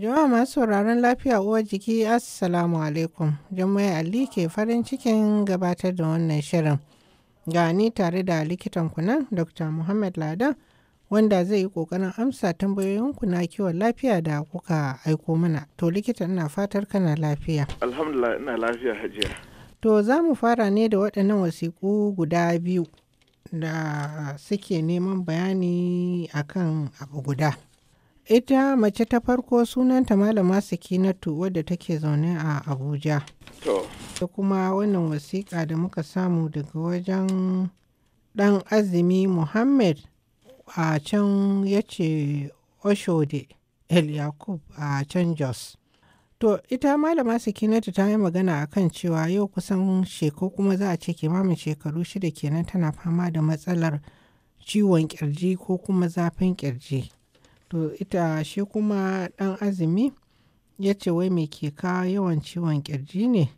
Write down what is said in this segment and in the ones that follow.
Jama'a masu sauraron lafiya uwar jiki Assalamu alaikum. jama'a Ali ke farin cikin gabatar da wannan shirin. Ga ni tare da likitan kunan Dr. Muhammad Ladan wanda zai yi kokarin amsa tambayoyinku na kiwon lafiya da kuka aiko mana. To likita ina fatar kana lafiya. Alhamdulillah ina lafiya hajiya. To za mu fara ne da waɗannan wasiƙu guda biyu da suke neman bayani akan abu guda. Ita mace ta farko sunanta Malama Sakinatu wadda take zaune a Abuja. To. Da kuma wannan wasiƙa da muka samu daga wajen ɗan azumi Muhammad a can ya ce Oshode El Yakub a can Jos. To ita malama Sakinatu ta yi magana a kan cewa yau kusan shekaru kuma za a ce kimamin shekaru shida kenan tana fama da matsalar ciwon kirji ko kuma zafin kirji. to ita shi kuma Dan azumi ya ce wai mai ke kawo yawan ciwon kirji ne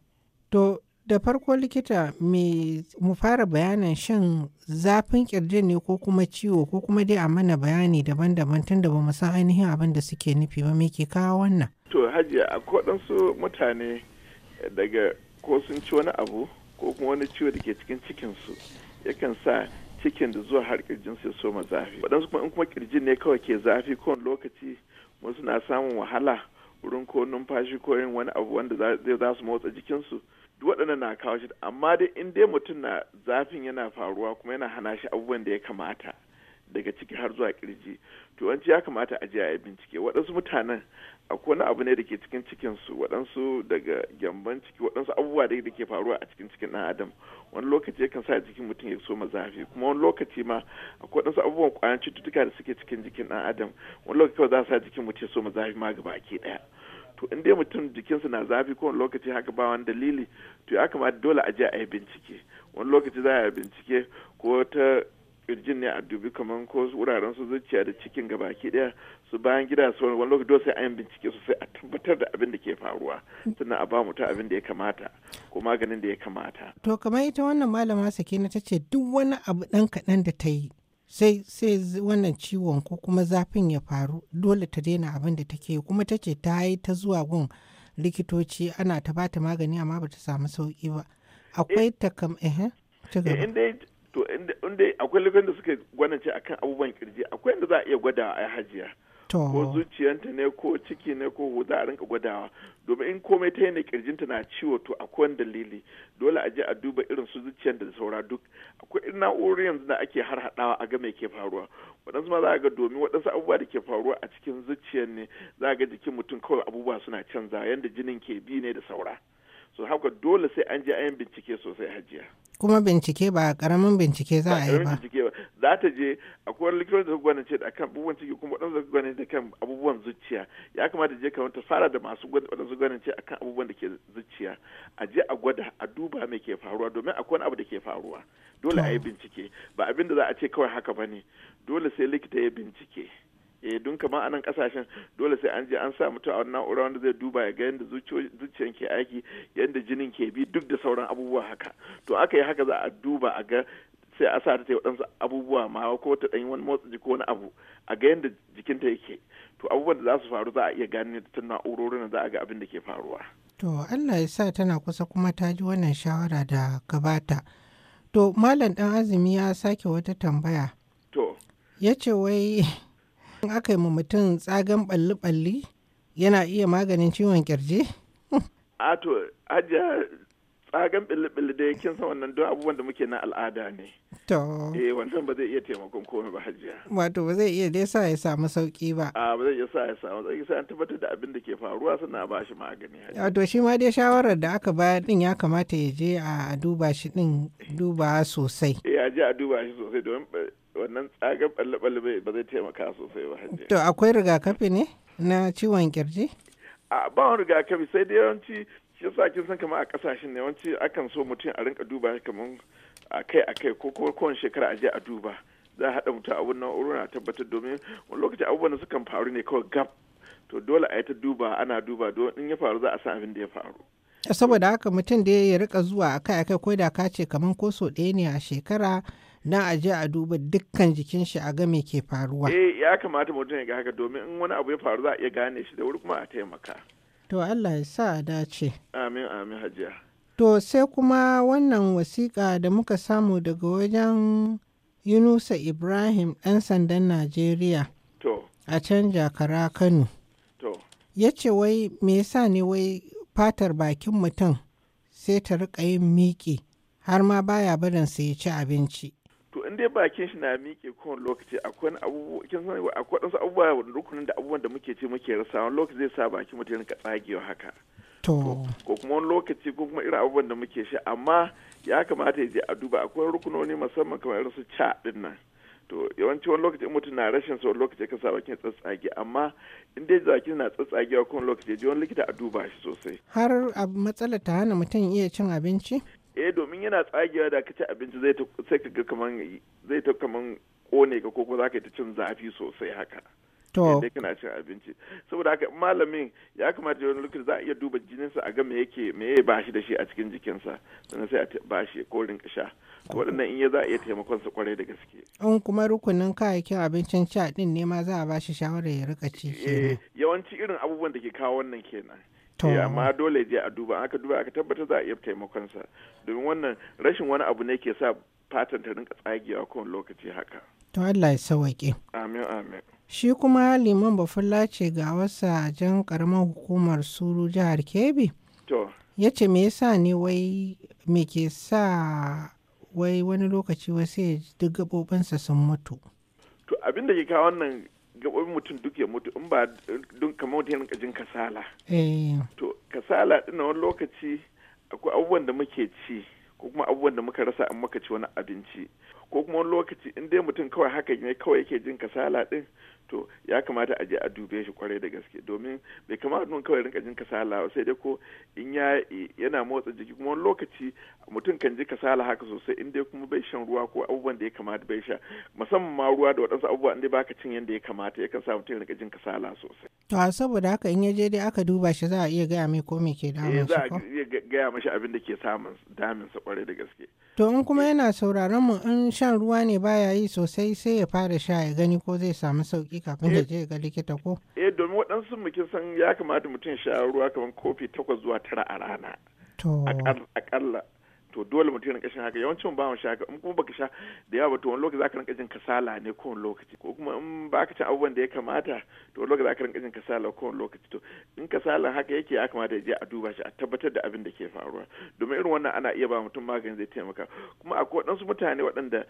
to da farko likita mu fara bayanin shan zafin kirji ne ko kuma ciwo ko kuma dai a mana bayani daban-daban tun da ba mu san ainihin abin da suke nufi ba me ke kawo wannan to hajiya a kodansu mutane daga ko sun ci wani abu ko kuma wani ciwo da ke cikin cikinsu yakan sa cikin da zuwa har kirjin sai soma zafi waɗansu kuma in kuma kirjin ne kawai ke zafi kowane lokaci wasu na samun wahala wurin ko numfashi ko yin wani abu wanda zai za su motsa jikinsu duk waɗannan na kawo shi amma dai in dai mutum na zafin yana faruwa kuma yana hana shi abubuwan da ya kamata daga ciki har zuwa kirji to wanci ya kamata a ya a bincike waɗansu mutanen akwai wani abu ne da ke cikin cikinsu waɗansu daga gyamban ciki waɗansu abubuwa da ke faruwa a cikin cikin ɗan adam wani lokaci yakan sa jikin mutum ya so mazafi kuma wani lokaci ma akwai waɗansu abubuwan ƙwayan cututtuka da suke cikin jikin ɗan adam wani lokaci kawai za sa jikin mutum ya so mazafi ma gaba ke ɗaya to in dai mutum jikinsa na zafi kowane lokaci haka ba wani dalili to ya kamata dole a je a yi bincike wani lokaci za a yi bincike ko ta kirjin ne a dubi kamar ko wuraren su zuciya da cikin gabaki daya su bayan gida su wani lokaci dole sai an bincike su sai a tabbatar da abin da ke faruwa sannan a ba mutum abin da ya kamata ko maganin da ya kamata. To kamar ita wannan malama sakina ta ce duk wani abu ɗan kaɗan da ta yi sai sai wannan ciwon ko kuma zafin ya faru dole ta daina abin da take kuma ta ce ta yi ta zuwa gun likitoci ana ta bata magani amma bata samu sauki ba akwai ta kam eh ta eh, eh, to inda akwai lokacin da suka gwanance akan abubuwan kirji akwai inda za a iya gwada a hajiya ko zuciyanta ne ko ciki ne ko za a rinka gwadawa domin in komai ta yi yana kirjinta na ciwo to akwai wani dalili dole a je a duba irin su zuciyar da saura duk akwai irin na'urori yanzu da ake har hadawa a ga me ke faruwa waɗansu ma za a ga domin waɗansu abubuwa da ke faruwa a cikin zuciyar ne za a ga jikin mutum kawai abubuwa suna canza yadda jinin ke bi ne da saura so haka dole sai an je ayin bincike sosai hajiya kuma bincike ba karamin bincike za a yi ba za ta je akwai likitoci da gwanin ce akan abubuwan ciki kuma zai gwanin da kan abubuwan zuciya ya kamata je kamar ta fara da masu zai gwanin ce akan abubuwan da ke zuciya a je a gwada a duba me ke faruwa domin akwai wani abu da ke faruwa dole a yi bincike ba abin da za a ce kawai haka ba ne dole sai likita ya bincike eh dun kama anan kasashen dole sai an je an sa mutum a wani na'ura wanda zai duba ya ga yadda zuciyan ke aiki yadda jinin ke bi duk da sauran abubuwa haka to aka yi haka za a duba a ga sai a sa ta ta waɗansu abubuwa ma ko ta ɗanyi wani motsa jiki wani abu a ga yadda jikinta yake to abubuwan da za su faru za a iya gane ta na'urorin za a ga abin da ke faruwa. to allah ya sa tana kusa kuma ta ji wannan shawara da gabata to malam dan azumi ya sake wata tambaya. to ya wai in aka yi ma mutum tsagen balli-balli yana iya maganin ciwon kirji? a to ajiya tsagen balli-balli da kin san wannan duk abubuwan da muke na al'ada ne to eh wannan ba zai iya taimakon komai ba hajiya wato ba zai iya dai sa ya samu sauki ba a ba zai iya sa ya samu sauki sai an tabbatar da abin da ke faruwa suna ba shi magani wato shi ma dai shawarar da aka bayar din ya kamata ya je a duba shi din duba sosai eh a je a duba shi sosai don wannan tsagar balle-balle ba zai taimaka sosai ba hajji. To akwai rigakafi ne na ciwon kirji? A ba rigakafi sai da yawanci shi yasa kin san kamar a kasashen ne yawanci akan so mutum a rinka duba kamar akai kai ko kuma kowane shekara a je a duba. Za a haɗa mutum a wannan wurin a tabbatar domin wani lokaci abubuwan da sukan faru ne kawai gab. To dole a yi ta duba ana duba don in ya faru za a san abin da ya faru. saboda haka mutum da ya rika zuwa akai akai ko da ka ce kamar ko so ɗaya ne a shekara na a je a duba dukkan jikin shi a ga me ke faruwa eh ya kamata mutum ya ga haka domin in wani abu ya faru za a iya gane shi da wuri kuma a taimaka to Allah ya sa a dace amin amin hajiya to sai kuma wannan wasiƙa da muka samu daga wajen Yunusa Ibrahim ɗan sandan Najeriya a canja kara Kano ya ce wai me yasa ne wai fatar bakin mutum sai ta riƙa yin miƙi har ma baya barin su ya ci abinci. to in dai bakin shi na miƙe kowane lokaci akwai abubuwa kin san akwai abubuwa rukunin da abubuwan da muke ce muke rasa wani lokaci zai sa baki mutum rinka tsagewa haka to ko kuma wani lokaci ko kuma irin abubuwan da muke sha amma ya kamata ya je a duba akwai rukunoni musamman kamar irin su ca din nan to yawanci wani lokaci mutum na rashin sa wani lokaci ka sa bakin tsatsage amma in dai zaki na tsatsagewa kowane lokaci je wani likita a duba shi sosai har matsalar ta hana mutum iya cin abinci yana tsagewa da ka ci abinci zai ta sai ka ga kaman zai ta kaman kone ka koko za ka ta cin zafi sosai haka to dai kana cin abinci saboda haka malamin ya kamata wani lokaci za a iya duba jininsa a ga me yake me ya bashi da shi a cikin jikinsa sannan sai a bashi ko rinka sha wadannan in ya za a iya taimakon su kwarai da gaske in kuma rukunin kayayyakin abincin sha din ne ma za a shi shawarar ya rika ci eh, yawanci irin abubuwan da ke kawo wannan kenan Eh, amma dole je a duba aka duba aka tabbatar za a iya taimakon sa domin wannan rashin wani abu ne ke sa fatan ta rinka tsagewa kowane lokaci haka to Allah ya sawaƙe amin amin shi kuma liman bafulla ce ga wasa jan karamar hukumar suru jihar kebbi to ya ce me yasa ne wai me ke sa wai wani lokaci ya sai duk gaɓoɓinsa sun mutu to abin da ke kawo wannan gaɓar mutum duk ya mutu in ba dun kamar wata yana jin kasala eh. to kasala ɗin wani lokaci akwai abubuwan da muke ci ko kuma abubuwan da muka rasa an muka ci wani abinci ko kuma wani lokaci in dai mutum kawai haka ne kawai yake jin kasala ɗin to ya kamata a je a dube shi kwarai da gaske domin bai kamata nun kawai rinka jin kasala ba sai dai ko in ya yana motsa jiki kuma wani lokaci mutum kan ji kasala haka sosai in dai kuma bai shan ruwa ko abubuwan da ya kamata bai sha musamman ma ruwa da waɗansu abubuwan da baka cin yadda ya kamata kan sa mutum rinka jin kasala sosai to a saboda haka in ya je dai aka duba shi za a iya gaya mai ko me ke damun shi eh, ko iya gaya mashi abin da ke samun damun sa kwarai da gaske to in kuma yana sauraron mu in shan ruwa ne baya yi sosai sai ya fara sha ya gani ko zai samu sauki kafin da eh. je ga likita ko? Eh domin waɗansu muke san ya kamata mutum sha ruwa kamar kofi takwas zuwa tara a rana. To. Aƙalla. to dole mutum ya rinka shan haka yawancin ba mu sha haka in kuma baka sha da yawa to wani lokaci zaka rinka jin kasala ne ko wani lokaci ko kuma in ba ka cin abubuwan da ya kamata to wani lokaci zaka rinka jin kasala ko wani lokaci to in kasala haka yake ya kamata ya je a duba shi a tabbatar da abin da ke faruwa domin irin wannan ana iya ba mutum magani zai taimaka kuma akwai waɗansu mutane waɗanda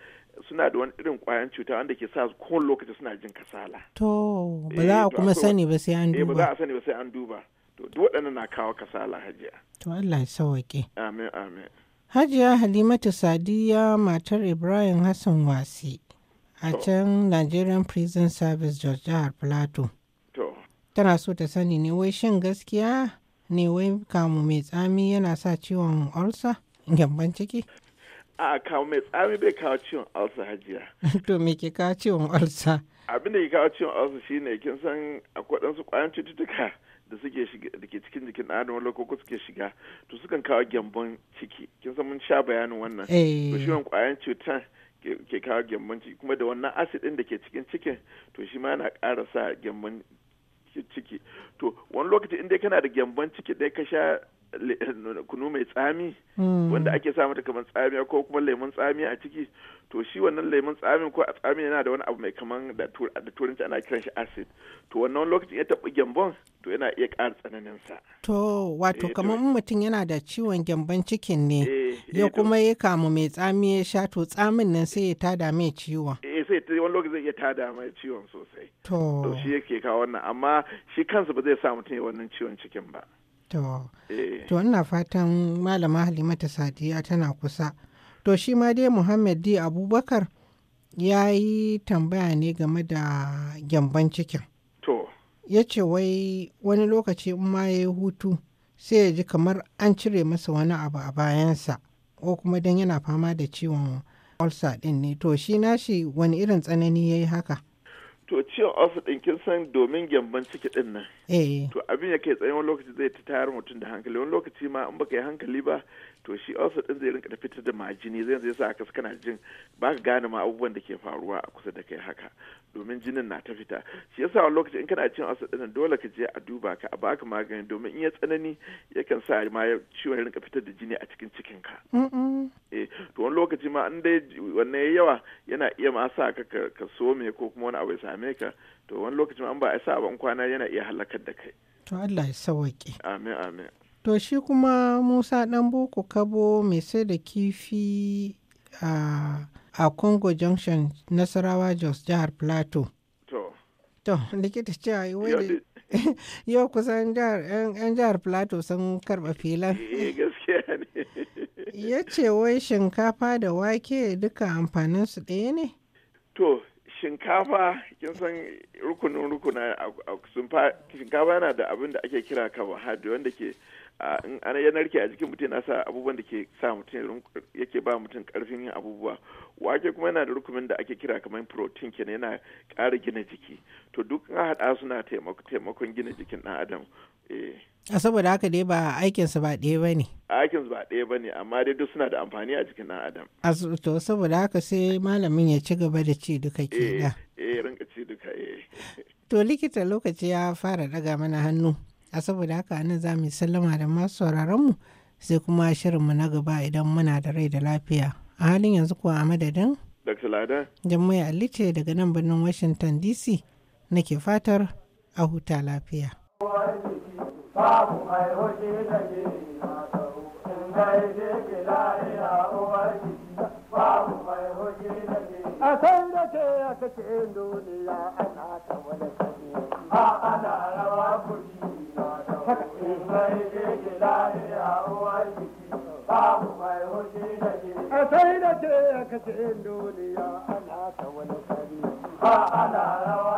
suna da wani irin ƙwayan cuta wanda ke sa ko wani lokaci suna jin kasala to ba za a eh, kuma sani ba sai an duba eh, ba za a sani ba sai an duba to duk waɗannan na kawo kasala hajiya to Allah ya sauwaƙe. amin amin Hajiya Halimatu Sadiya matar Ibrahim Hassan Wasi a can Nigerian Prison Service George Jihar Plateau. Tana so ta sani ne wai shin gaskiya ne wai kamu mai tsami yana sa ciwon ulsa gyamban ciki? A kamu mai tsami bai kawo ciwon ulsa hajiya. to me ke kawo ciwon ulsa? Abin da ke kawo ciwon ulsa shine kin san akwai ɗansu ƙwayan cututtuka. da suke da ke cikin jikin ɗan adam lokoko suke shiga to sukan kawo gyambon ciki kin san mun sha bayanin wannan to shi eh. wannan ƙwayan cutar ke kawo gyambon ciki kuma da wannan acid ɗin da ke cikin cikin to shi ma yana ƙara sa gyambon ciki to wani lokaci inda kana da gyambon ciki dai ka sha kunu mai tsami hmm. wanda ake sa mata kamar tsamiya ko kuma lemun tsami a ciki to shi wannan lemun tsamin ko a tsami yana da wani abu mai kaman da turanci ana kiran shi acid to wannan lokacin ya taɓa gyambon to yana iya ƙara tsananin sa to wato eh, kamar mutum yana da ciwon gyambon cikin ne eh, eh, ya kuma ya kamu mai tsami ya sha to tsamin nan sai ya tada mai ciwon eh sai wani lokacin zai iya tada mai ciwon sosai to shi yake kawo wannan amma shi kansa ba zai sa mutum ya wannan ciwon cikin ba To, eh. to ina fatan Malama Halimata Sadiya tana kusa. To shi ma dai Muhammad D. Abubakar ya yi tambaya ne game da gyamban cikin. To. Ya ce wai wani lokaci in ma ya yi hutu sai ya ji kamar an cire masa wani abu a bayansa ko kuma don yana fama da ciwon ulcer ɗin ne. To shi nashi wani irin tsanani ya yi haka? to cewa ofa din kin san domin gyamban ciki din nan eh. to abin ya kai tsayin wani lokaci zai ta tayar mutum da hankali wani lokaci ma in baka yi hankali ba to shi ofa din zai rinka fitar da majini zai zai sa ka kana jin ba ka gane ma abubuwan da ke faruwa a kusa da kai haka domin jinin na ta fita shi yasa wani lokaci in kana cin ofa din dole ka je a duba ka a baka magani domin in ya tsanani yakan sa ma ciwon ya rinka fitar da jini a cikin cikin ka to wani lokaci ma an dai wanne ya yawa yana iya ma sa ka ka so me ko kuma wani abu ya same ka to wani lokaci ma an ba a sa ban kwana yana iya halakar da kai to Allah ya sauke amin amin to shi kuma Musa dan boko kabo mai sai da kifi a a Congo Junction Nasarawa Jos jihar Plateau to to likita ce ai wai yau kusan 'yan jihar plateau sun karba filan eh, gaskiya ya ce wai shinkafa da wake duka amfaninsu ɗaya ne? To, shinkafa kin san rukunin rukuna shinkafa yana da abin da ake kira carbohydrate wanda ke in ana yana a jikin mutum yana sa abubuwan da ke sa mutum yake ba mutum karfin yin abubuwa wake kuma yana da rukunin da ake kira kamar protein kenan yana ƙara gina jiki to duk an haɗa suna taimakon gina jikin ɗan adam Eh. a saboda haka dai ba aikinsu ba ɗaya ba ne aikinsu ba ɗaya ba ne amma dai duk suna da amfani a jikin ɗan adam a to saboda haka sai malamin ya ci gaba da ci duka ke eh, da eh rinka ci duka eh to likita lokaci ya fara daga mana hannu a saboda haka anan za mu sallama da masu sauraronmu sai kuma shirinmu na gaba idan muna da rai da lafiya a halin yanzu kuwa a madadin Dr. Lada. Jammai Ali ce daga nan birnin Washington DC nake fatar a huta lafiya. babu mai hoshi a san da ke a kace duniya ana ta wani sani a ana rawa kuɗi masau in dai je ki lahira uwar babu mai hoshi da ke a san da ke a kace duniya ana ta wani sani a ana rawa